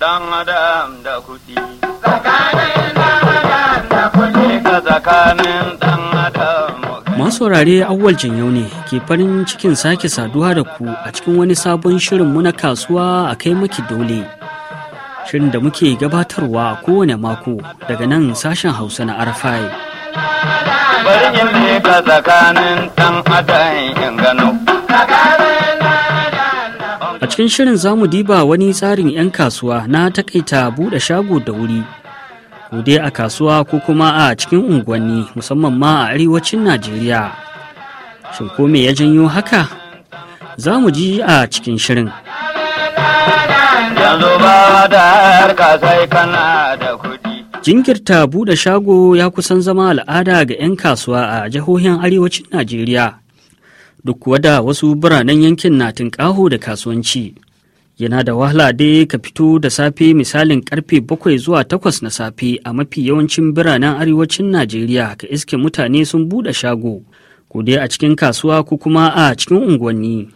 Dan adam da kuɗi. da kuɗi. Masu wurare awwal yau ne ke farin cikin sake saduwa da ku a cikin wani sabon shirinmu na kasuwa a kai maki dole. Shirin da muke gabatarwa kowane mako daga nan sashen Hausa na Arafai. Bari in tsakanin ɗan adam in gano. A cikin shirin zamu diba wani tsarin 'yan kasuwa na takaita buɗe shago da wuri. Ko dai a kasuwa ko kuma a cikin unguwanni musamman ma a arewacin Najeriya. Shin ko me ya janyo haka? Za mu ji a cikin shirin. Jinkirta buɗe shago ya kusan zama al'ada ga 'yan kasuwa a jihohin arewacin Najeriya. duk kuwa da wasu biranen yankin na tunƙaho da kasuwanci yana da wahala dai ka fito da safe misalin karfe bakwai zuwa takwas na safe a mafi yawancin biranen arewacin najeriya ka iske mutane sun buɗe shago ko dai a cikin kasuwa ko kuma a cikin unguwanni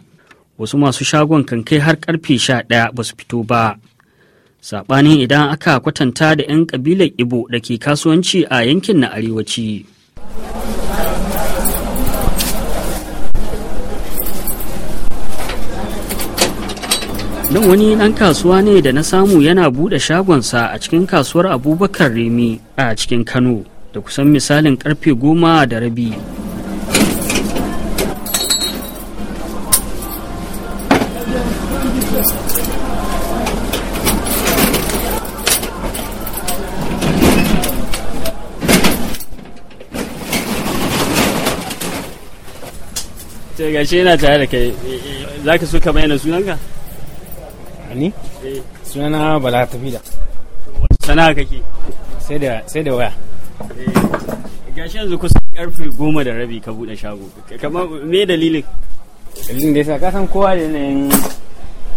wasu masu shagon kan kai har karfe sha ɗaya ba su fito ba saɓanin idan aka kwatanta da 'yan ƙabilar ibo da ke kasuwanci a yankin na arewaci Nan wani ɗan kasuwa ne da na samu yana buɗe shagonsa a cikin kasuwar Abubakar Remi a cikin Kano da kusan misalin karfe goma da rabi. Gashi yana tare da kai za ka so ka bayyana sunanka? Ni? Sunana Bala Tafida. Sana'a kake? Sai da sai da waya. Eh, gashi yanzu kusan karfe goma da rabi ka bude shago. Kamar me dalilin? Dalilin da yasa ka san kowa da yanayin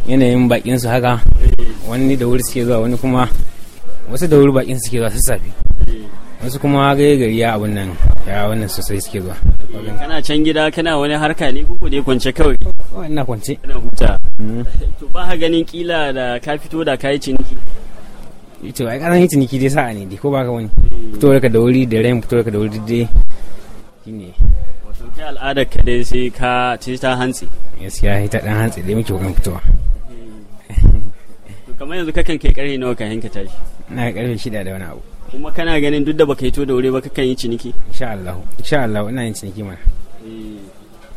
yanayin bakin su haka. Eh. Wani da wuri suke zuwa wani kuma wasu da wuri bakin suke zuwa sassafe. Eh. Wasu kuma gari gari ya abun nan ya wannan sosai suke zuwa. Kana can gida kana wani harka ne kuku dai kwance kawai. Ina kwance. Ina huta. to ba ganin kila da ka fito da ka yi ciniki to ai karan yi ciniki dai sa'a ne dai ko baka wani fito daga da wuri da rain fito daga da wuri dai shine wato kai al'adar ka dai sai ka ci ta hantsi gaskiya ita dan hantsi dai muke kokarin fitowa To kamar yanzu kakan kai karfe nawa ka hinka tashi na karfe shida da wani abu kuma kana ganin duk da baka yi to da wuri ba kakan yi ciniki insha Allah insha Allah ina yin ciniki mana eh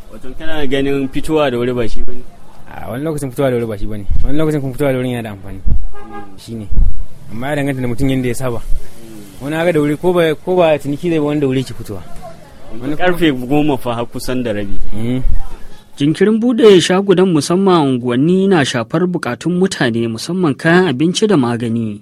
wato kana ganin fitowa da wuri ba shi bane a wani lokacin fitowa da wuri ba shi bane wani lokacin kuma fitowa da wuri yana da amfani shine amma ya danganta da mutum yadda ya saba wani haka da wuri ko ba ko ba ciniki zai ba wanda wuri ke fitowa wani karfe goma fa har kusan da rabi hmm. jinkirin bude shagunan musamman unguwanni na shafar bukatun mutane musamman kayan abinci da magani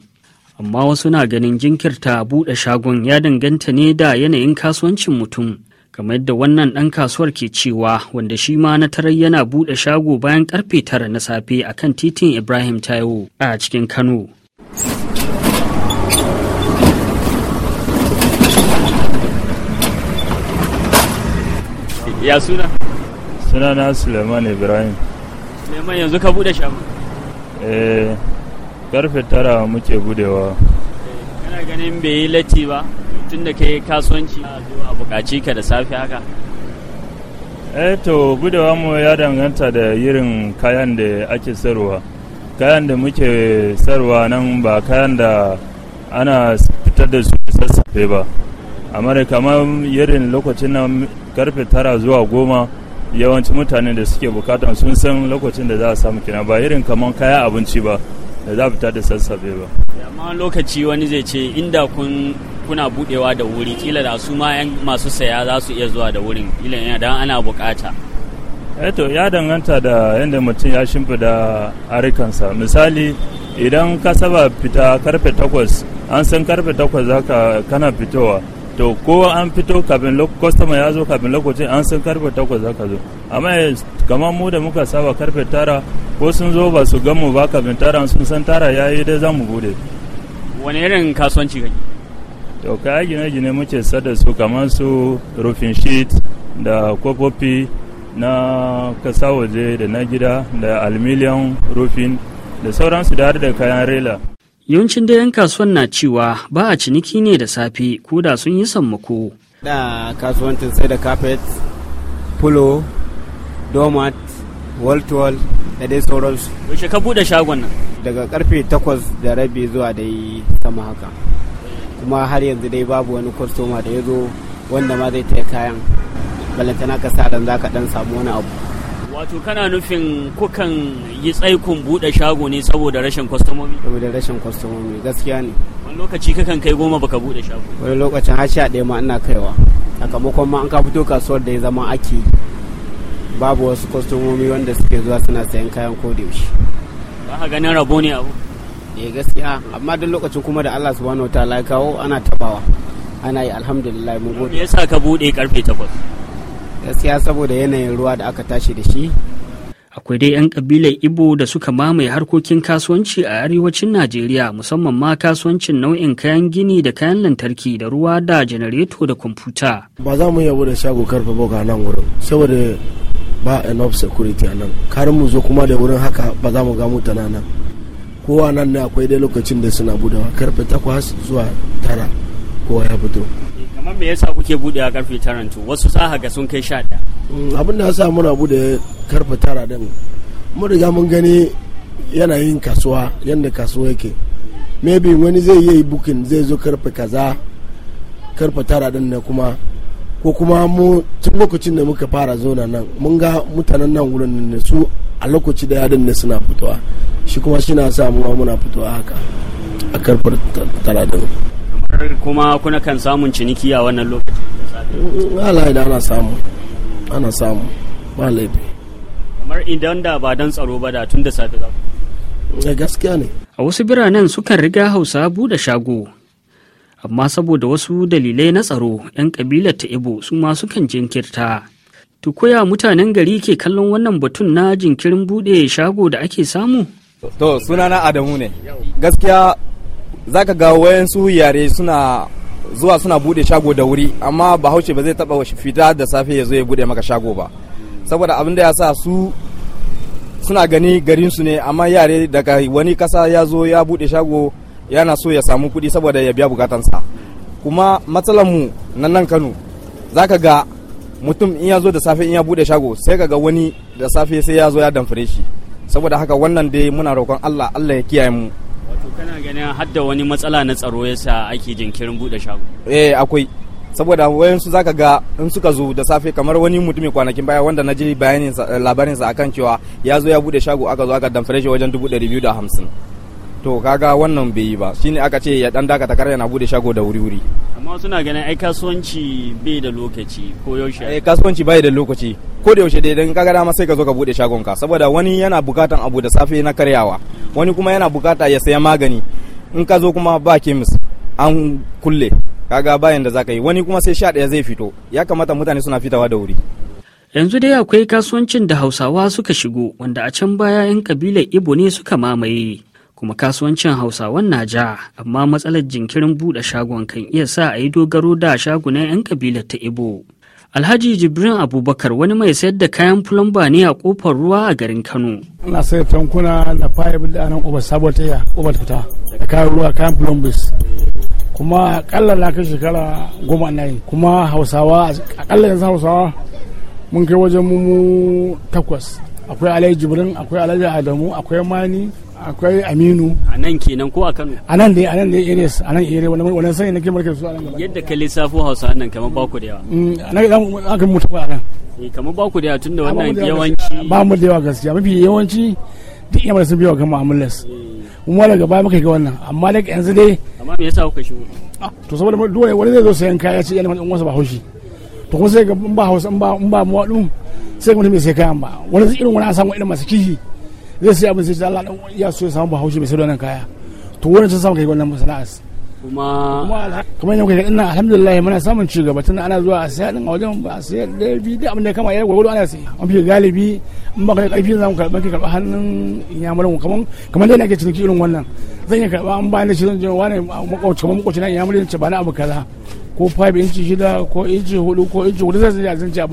amma wasu na ganin jinkirta bude shagon ya danganta ne da yanayin kasuwancin mutum kamar yadda wannan ɗan kasuwar ke cewa wanda shi ma na tarar yana buɗe shago bayan karfe tara na safe a kan titin ibrahim taiwo a cikin kano ya suna suna na suleiman ibrahim suleiman yanzu ka buɗe shago eh karfe tara muke budewa eh, kana ganin bai yi latti ba tun da yi kasuwanci a buƙaci ka da safe haka eh to gudawa mu ya danganta da irin kayan da ake sarwa kayan da muke sarwa nan ba kayan da ana fitar da su sassafe ba amma kamar irin lokacin nan karfe tara zuwa goma yawancin mutane da suke bukatan sun san lokacin da za a samu kina ba irin kamar kaya abinci ba da za fita da sassafe ba amma lokaci wani zai ce inda kun kuna budewa da wuri kila da su ma masu saya za su iya zuwa da wurin kila idan ana bukata eto eh ya danganta da yadda mutum ya shimfida arikansa misali idan ka fita karfe takwas an san karfe takwas zaka kana fitowa to ko an fito kafin kwastama ya zo kafin lokacin an san karfe takwas za ka zo amma eh, kamar mu da muka saba karfe tara ko sun zo ba su gamu ba kafin tara sun san tara ya yi dai za mu bude wani irin kasuwanci kake to kaya gine-gine muke sada su kamar su rufin sheet da kofofi na kasa waje da na gida da aluminium rufin da sauransu da har da kayan rela Yawancin da 'yan kasuwan na cewa ba a ciniki ne da safe ko da sun yi sammako. Da kasuwancin sai da carpet, pulo, domat, wall da dai sauransu. Yaushe ka buɗe shagon nan? Daga karfe takwas da rabi zuwa dai sama haka. Kuma har yanzu dai babu wani kwastoma da ya zo wanda ma zai taya kayan. Balantana ka sa dan za ka ɗan samu wani abu. wato kana nufin kukan yi tsaikun buɗe shago ne saboda rashin kwastomomi saboda rashin kwastomomi gaskiya ne wani lokaci kakan kai goma baka buɗe shago wani lokacin har sha ɗaya ma ina kaiwa sakamakon ma an ka fito kasuwar da ya zama ake babu wasu kwastomomi wanda suke zuwa suna sayan kayan kodayaushe ba ka ganin rabo ne abu eh gaskiya amma duk lokacin kuma da Allah subhanahu ta'ala ya kawo ana tabawa ana yi alhamdulillah mun gode me yasa ka buɗe karfe takwas gaskiya saboda yanayin ruwa da aka tashi da shi akwai dai 'yan kabilar ibo da suka mamaye harkokin kasuwanci a arewacin najeriya musamman ma kasuwancin nau'in kayan gini da kayan lantarki da ruwa da janareto da kwamfuta ba za mu yabo da shago karfe boga nan wurin saboda ba enough security a nan karin mu zo kuma da wurin haka ba za mu ga mutana nan kowa nan ne akwai dai lokacin da suna budawa karfe takwas zuwa tara kowa ya fito me yasa kuke bude a karfe tara to wasu saha ga sun kai sha ɗaya. Mm, abin da yasa muna bude karfe tara din mun riga mun gani yanayin kasuwa yadda kasuwa yake maybe wani zai yi bukin zai zo karfe kaza karfe tara din ne kuma ko kuma mu tun lokacin da muka fara zona nan mun ga mutanen nan wurin ne su a lokaci da yadin ne suna fitowa shi kuma shi na sa muna fitowa haka a karfe tara din kuma kuna kan samun ciniki a wannan lokacin da ana samu ana samu ba laifi kamar idan da ba don tsaro ba da tun da safe za eh, gaskiya ne a wasu biranen sukan riga hausa bude shago amma saboda wasu dalilai na tsaro 'yan kabilar ta ibo su ma sukan jinkirta tukoya mutanen gari ke kallon wannan batun na jinkirin bude shago da ake samu to sunana adamu ne gaskiya za ka ga wayansu yare suna zuwa suna bude shago da wuri amma bahaushe ba zai taba fita da safe ya zo ya bude maka shago ba saboda abin da ya sa su suna gani garin su ne amma yare daga wani kasa ya zo ya bude shago yana so ya samu kuɗi saboda ya biya bukatansa kuma mu na nan kano za ka ga mutum in ya zo da safe in ya bude shago sai ka ga wani da safe sai ya zo ya damfare shi saboda haka wannan dai muna roƙon allah allah ya kiyaye mu To kana ganin hadda wani matsala na tsaro yasa ake jinkirin bude shago eh akwai saboda wayansu zaka ga in suka zo da safe kamar wani mutum mai kwanakin baya wanda na ji bayanin eh, labarinsa akan cewa ya zo ya bude shago aka zo aka damfare shi wajen dubu ɗari biyu da hamsin to kaga wannan bai yi ba shine aka ce ya dan dakata kar yana bude shago da wuri wuri amma suna ganin ai kasuwanci bai da lokaci ko yaushe ai eh, kasuwanci bai da lokaci ko da yaushe dai dan kaga dama sai ka zo ka bude shagon ka saboda wani yana bukatan abu da safe na karyawa wani kuma yana bukata ya saya magani in ka zo kuma ba kemis an kulle kaga bayan da zaka yi wani kuma sai sha ɗaya zai fito ya kamata mutane suna fitawa da wuri yanzu dai akwai kasuwancin da hausawa suka shigo wanda a can baya 'yan kabilar ibo ne suka mamaye kuma kasuwancin hausawan na ja amma matsalar jinkirin buɗe shagon kan iya sa a yi dogaro da shagunan 'yan kabilar ta ibo alhaji jibrin abubakar wani mai sayar da kayan fulamba ne a kofar ruwa a garin kano ana sayar tankuna da fayar da anan ubar sabuwar taya ubar fita da kayan ruwa kayan fulambis kuma akalla na kai shekara goma na'i kuma hausawa akalla yanzu hausawa mun kai wajen mu takwas akwai alai jibrin akwai alai adamu akwai mani akwai aminu a nan kenan ko a kano a nan ne a nan ne areas a nan area wannan sai nake markar su a nan yadda ka lissafo hausa nan kamar ba ku da yawa mm, a nan aka mutu a nan eh, kamar ba ku da yawa tunda wannan yawanci ba mu da yawa gaskiya mafi yawanci duk yamma sun biyo kan mu'amalas kuma eh. daga baya muka ga wannan amma daga yanzu dai amma me yasa kuka shigo ah, to saboda dole wani zai zo sayan kaya ce yana wani wasa ba haushi to kuma sai ga in ba hausa in ba in ba mawaɗu sai ga mutum bai sai kayan ba wani zai irin wani an samu irin masu kihi zai sai abin sai ta Allah ya so ya samu bahaushe bai sai wannan kaya to wani sun samu kai wannan masana'as kuma kuma yadda kai ina alhamdulillah muna samun ci gaba tun ana zuwa a siya din a wajen ba a siya da bi da abin da kama ya gwagwado ana siya an fi galibi in ba ka da karfi zamu karɓa ki karɓa hannun yamurin kaman kaman dai ake ciniki irin wannan zan iya karɓa an ba ni shi zan je wani makwabci kamar makwabci na yamurin ce ba na abu kaza ko 5 inci shida ko inci hudu ko inci hudu zai zai zan ci a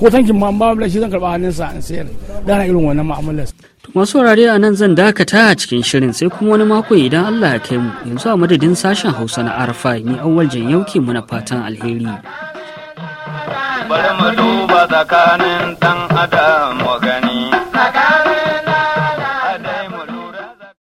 ko tankin ma ba shi zan karba hannunsa in sayar dana irin wannan mu'amalar masu wurare a nan zan dakata a cikin shirin sai kuma wani mako idan Allah ya kai mu yanzu a madadin sashen Hausa na Arfa ni awwal yauke muna fatan alheri bari mu duba tsakanin dan adam wa gani